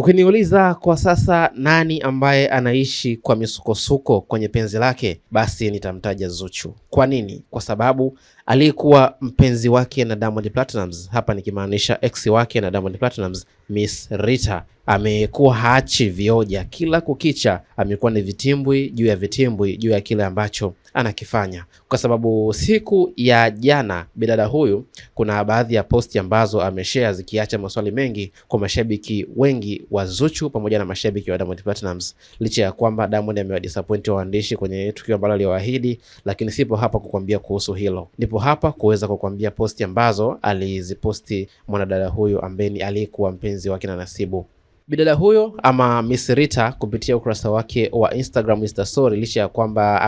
Ukiniuliza kwa sasa nani ambaye anaishi kwa misukosuko kwenye penzi lake, basi nitamtaja Zuchu. Kwa nini? Kwa sababu aliyekuwa mpenzi wake na Diamond Platnumz, hapa nikimaanisha ex wake na Diamond Platnumz, Miss Rita amekuwa haachi vioja, kila kukicha amekuwa ni vitimbwi juu ya vitimbwi juu ya kile ambacho anakifanya, kwa sababu siku ya jana bidada huyu, kuna baadhi ya posti ambazo ameshare zikiacha maswali mengi kwa mashabiki wengi wa Zuchu pamoja na mashabiki wa Diamond Platnumz, licha ya kwamba Diamond amewadisappoint waandishi kwenye tukio ambalo aliwaahidi, lakini sipo hapa kukwambia kuhusu hilo, nipo hapa kuweza kukwambia posti ambazo aliziposti mwanadada huyu ambaye aliyekuwa mpenzi wake na Nasibu. Bidada huyo ama Miss Rita kupitia ukurasa wake wa Instagram Insta licha ya kwamba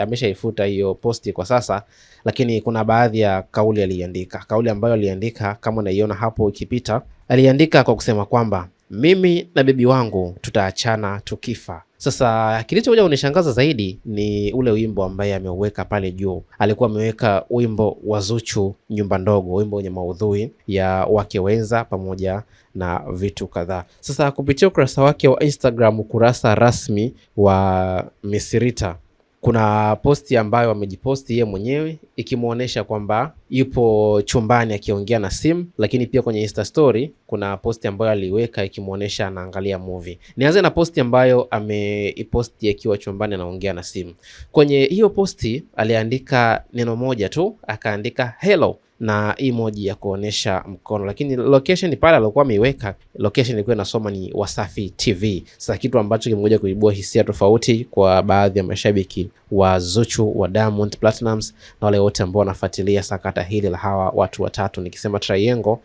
ameshaifuta hiyo posti kwa sasa, lakini kuna baadhi ya kauli aliandika, kauli ambayo aliandika kama unaiona hapo ikipita, aliandika kwa kusema kwamba mimi na bibi wangu tutaachana tukifa. Sasa kilichokuja kunishangaza zaidi ni ule wimbo ambaye ameuweka pale juu. Alikuwa ameweka wimbo wa Zuchu nyumba ndogo, wimbo wenye maudhui ya wake wenza pamoja na vitu kadhaa. Sasa kupitia ukurasa wake wa Instagram, ukurasa rasmi wa Misirita kuna posti ambayo amejiposti yeye mwenyewe ikimwonyesha kwamba yupo chumbani akiongea na simu, lakini pia kwenye Insta story kuna posti ambayo aliweka ikimwonyesha anaangalia movie. Nianze na posti ambayo ameiposti akiwa chumbani anaongea na simu. Kwenye hiyo posti aliandika neno moja tu, akaandika hello na emoji ya kuonesha mkono, lakini location pale alikuwa ameiweka location ilikuwa inasoma ni Wasafi TV. Sasa kitu ambacho kimekuja kuibua hisia tofauti kwa baadhi ya mashabiki wa Zuchu wa Diamond Platnumz na wale wote ambao wanafuatilia sakata hili la hawa watu watatu, nikisema triangle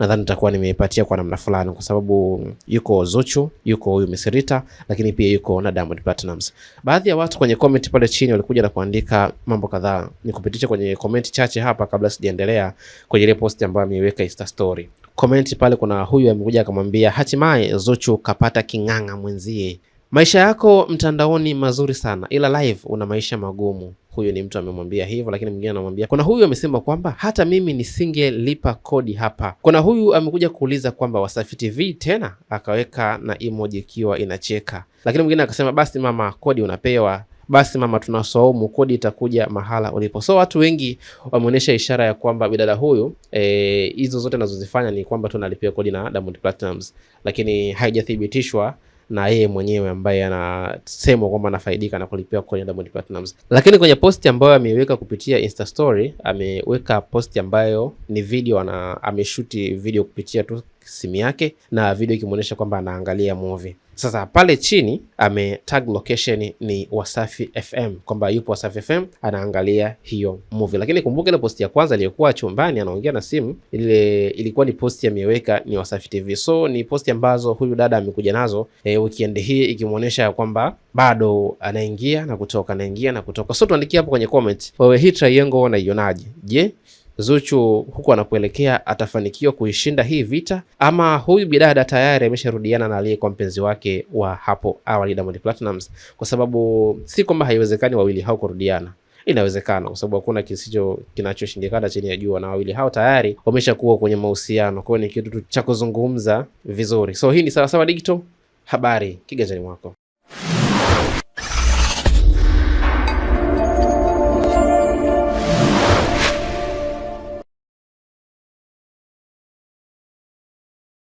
nadhani nitakuwa nimeipatia kwa namna fulani, kwa sababu yuko Zuchu, yuko huyu misrita lakini pia yuko na Diamond platinums Baadhi ya watu kwenye comment pale chini walikuja na kuandika mambo kadhaa, nikupitisha kwenye comment chache hapa kabla sijaendelea kwenye ile post ambayo ameiweka Insta story. Comment pale kuna huyu amekuja akamwambia, hatimaye Zuchu kapata king'ang'a mwenzie Maisha yako mtandaoni mazuri sana ila live una maisha magumu. Huyu ni mtu amemwambia hivyo, lakini mwingine anamwambia. Kuna huyu amesema kwamba hata mimi nisingelipa kodi hapa. Kuna huyu amekuja kuuliza kwamba Wasafi TV tena, akaweka na emoji ikiwa inacheka, lakini mwingine akasema basi mama, kodi unapewa basi mama, tunasaumu kodi itakuja mahala ulipo. So watu wengi wameonyesha ishara ya kwamba bidada huyu eh, hizo e, zote anazozifanya ni kwamba tunalipia kodi na Diamond Platinums. lakini haijathibitishwa na yeye mwenyewe ambaye anasemwa kwamba anafaidika na kulipiwa kwenye Diamond Platnumz. Lakini kwenye posti ambayo ameiweka kupitia Insta story, ameweka posti ambayo ni video ana ameshuti video kupitia tu simu yake na video ikimwonyesha kwamba anaangalia movie. Sasa pale chini ame tag location ni Wasafi FM, kwamba yupo Wasafi FM anaangalia hiyo movie. Lakini kumbuka ile posti ya kwanza aliyokuwa chumbani anaongea na simu, ile ilikuwa ni posti ameweka ni Wasafi TV. So ni posti ambazo huyu dada amekuja nazo e, weekend hii ikimwonyesha kwamba bado anaingia na kutoka, anaingia na kutoka. So tuandikie hapo kwenye comment, wewe hii triangle unaionaje? Je, Zuchu huku anapoelekea atafanikiwa kuishinda hii vita, ama huyu bidada tayari amesharudiana na aliyekuwa mpenzi wake wa hapo awali Diamond Platnumz, kwa sababu si kwamba haiwezekani wawili hao kurudiana inawezekana kwa sababu hakuna kisicho kinachoshindikana chini ya jua, na wawili hao tayari wameshakuwa kwenye mahusiano. Kwa hiyo ni kitu cha kuzungumza vizuri. So hii ni Sawasawa Digital, habari kiganjani mwako.